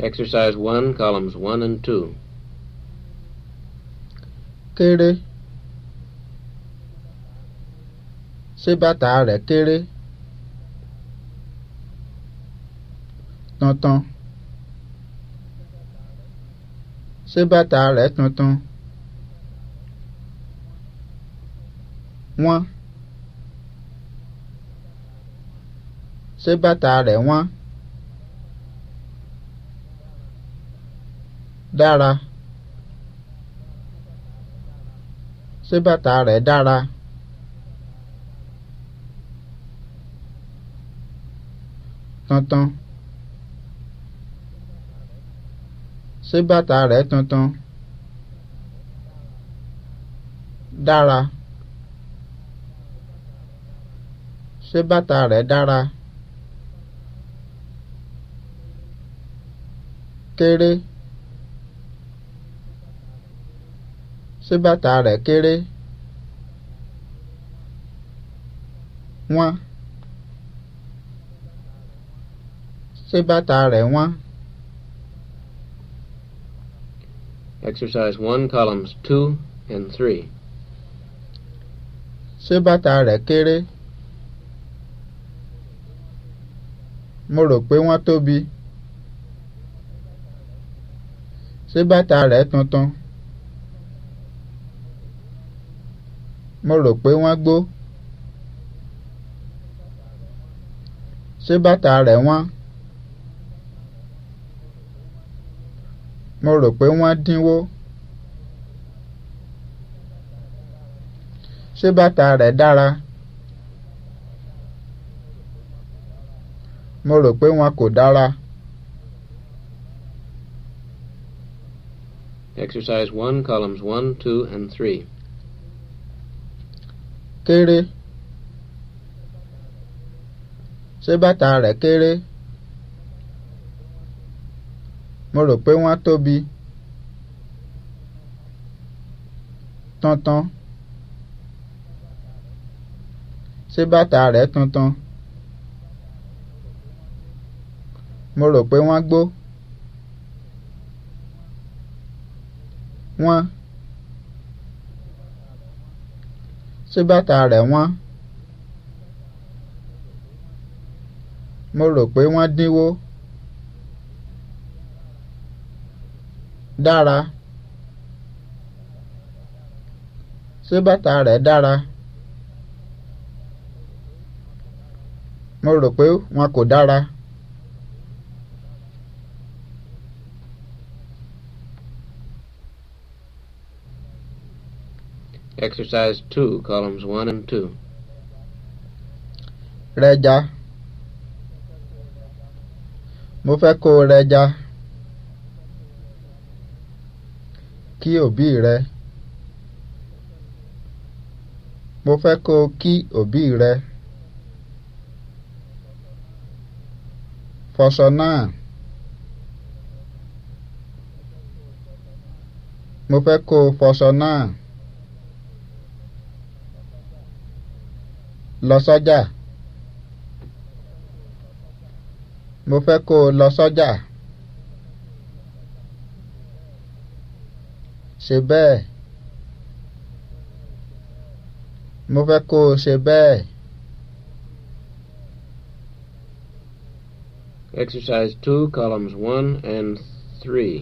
Exercise 1, columns 1 and 2. Kéré. Ṣé bàtà rẹ̀ kéré? Tuntun. Ṣé bàtà rẹ̀ tuntun? Wọ́n. Ṣé bàtà rẹ̀ wọ́n? dára? Ṣé bàtà rẹ̀ dára? Tuntun. Ṣé bàtà rẹ̀ tuntun? Dára. Ṣé bàtà rẹ̀ dára? Kéré. ṣé bàtà rẹ̀ kéré wọ́n ṣé bàtà rẹ̀ wọ́n. Exercise one columns two and three. Ṣé bàtà rẹ̀ kéré? Mo rò pé wọ́n tóbi. Ṣé bàtà rẹ̀ tuntun? mo rò pé wọ́n gbó ṣé bàtà rẹ̀ wọ́n mo rò pé wọ́n dínwó ṣé bàtà rẹ̀ dára mo rò pé wọn kò dára. Exercise one, columns one, two, and three kéré ṣé bàtà rẹ̀ kéré mo rò pé wọ́n tóbi tuntun ṣé bàtà rẹ̀ tuntun mo rò pé wọ́n gbó wọ́n. ṣé bàtà rẹ̀ wọ́n? mo rò pé wọ́n dínwó. dára ṣé bàtà rẹ̀ dára? mo rò pé wọn kò dára. Exercise 2, columns 1 and 2. Reja. Mo fẹ́ kó o rẹja. Kí òbí rẹ. Mo fẹ́ kó o kí òbí rẹ. Fọṣọ náà. Mo fẹ́ kó o fọṣọ náà. lọ sọ́jà mo fẹ́ kó o lọ sọ́jà ṣe bẹ́ẹ̀ mo fẹ́ kó o ṣe bẹ́ẹ̀. Exercise two, columns one and three.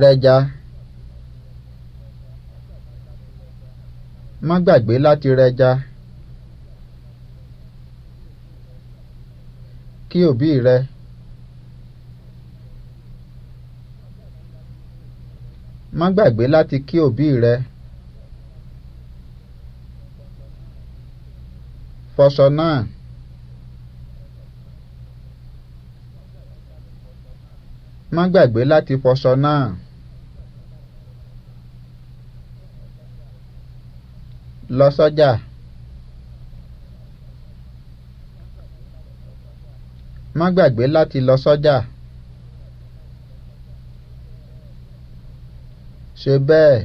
Reja. má gbàgbé láti rẹja. kí òbí rẹ. má gbàgbé láti kí òbí rẹ. fọṣọ náà. má gbàgbé láti fọṣọ náà. lọ sọ́jà má gbàgbé láti lọ sọ́jà ṣe bẹ́ẹ̀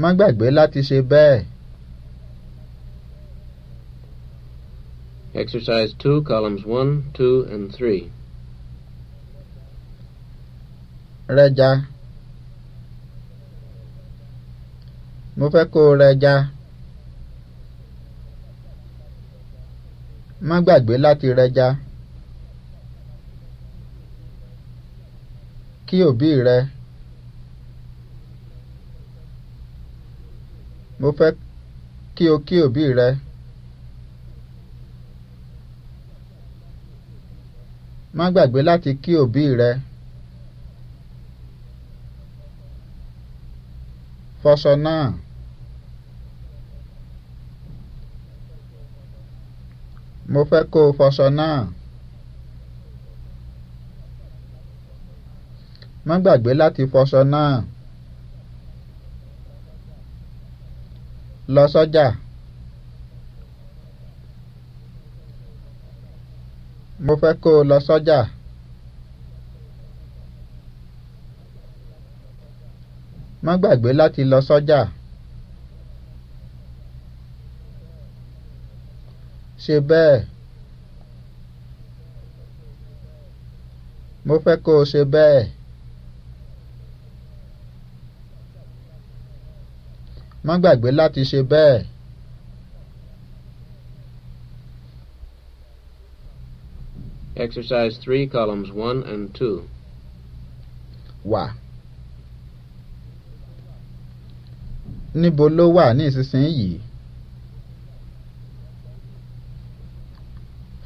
má gbàgbé láti ṣe bẹ́ẹ̀. Exercise two columns one, two, and three. Reja. mo fẹ́ kó o rẹja. má gbàgbé láti rẹja. kí òbí rẹ. mo fẹ́ kí o kí òbí rẹ. má gbàgbé láti kí òbí rẹ. fọṣọ náà. mo fẹ́ kó o fọṣọ náà. má gbàgbé láti fọṣọ náà. lọ sọ́jà. mo fẹ́ kó o lọ sọ́jà. má gbàgbé láti lọ sọ́jà. So ṣe bẹ́ẹ̀ mo fẹ́ kó o ṣe bẹ́ẹ̀ má gbàgbé láti ṣe bẹ́ẹ̀. Exercise three columns one and 2. Wà. Níbo ló wà ní ìsinsìnyí?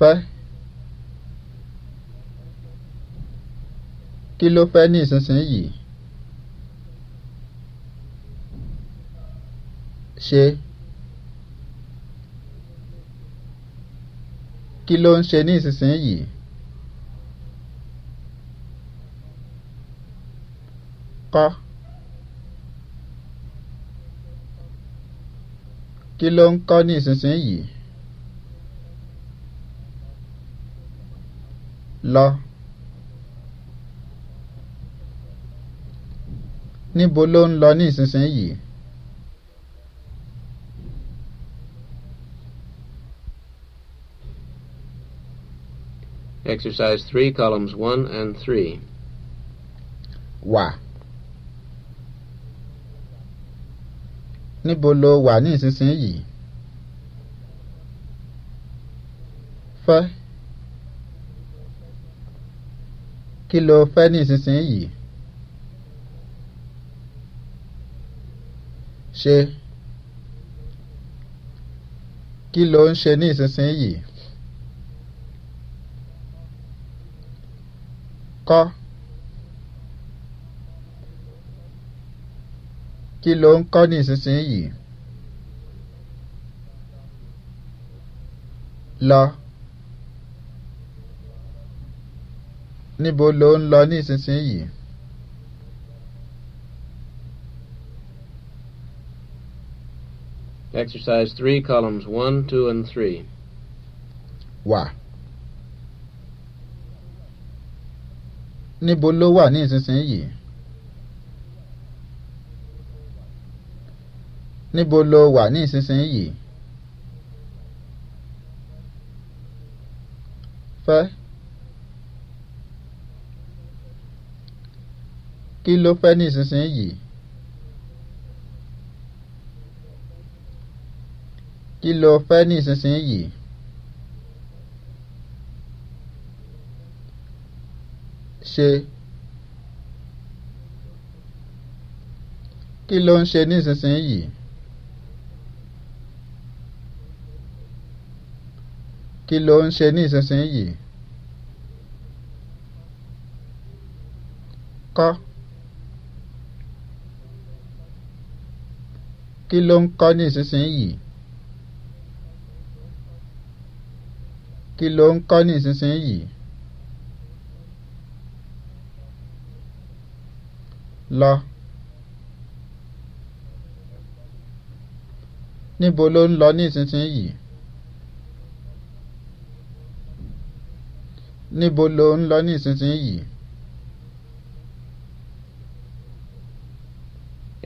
fẹ́ kí ló fẹ́ ní ìsinsìnyí ṣe kí ló ń ṣe ní ìsinsìnyí kọ́ kí ló ń kọ́ ní ìsinsìnyí. lọ níbo ló ń lọ ní ìsinsìnyí Exercise three columns one and three. Wà. Níbo lo wà ní ìsinsìnyí? Fẹ́. kí ló fẹ́ ní ìsinsìnyí ṣe kí ló ń ṣe ní ìsinsìnyí kọ́ kí ló ń kọ́ ní ìsinsìnyí lọ. níbo ló ń lọ ní Exercise three columns one, two, and 3. Wà. Níbo ló wà ní ìsinsìnyí? Níbo ló wà ní ìsinsìnyí? Fẹ́. kí ló fẹ́ nísinsìnyí kí ló fẹ́ nísinsìnyí. ṣe kí ló ń ṣe nísinsìnyí. kí ló ń ṣe nísinsìnyí. kọ́. kí ló ń kọ́ nísinsìnyí kí ló ń kọ́ nísinsìnyí lọ níbo ló ń lọ nísinsìnyí níbo ló ń lọ nísinsìnyí.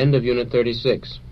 End of Unit 36.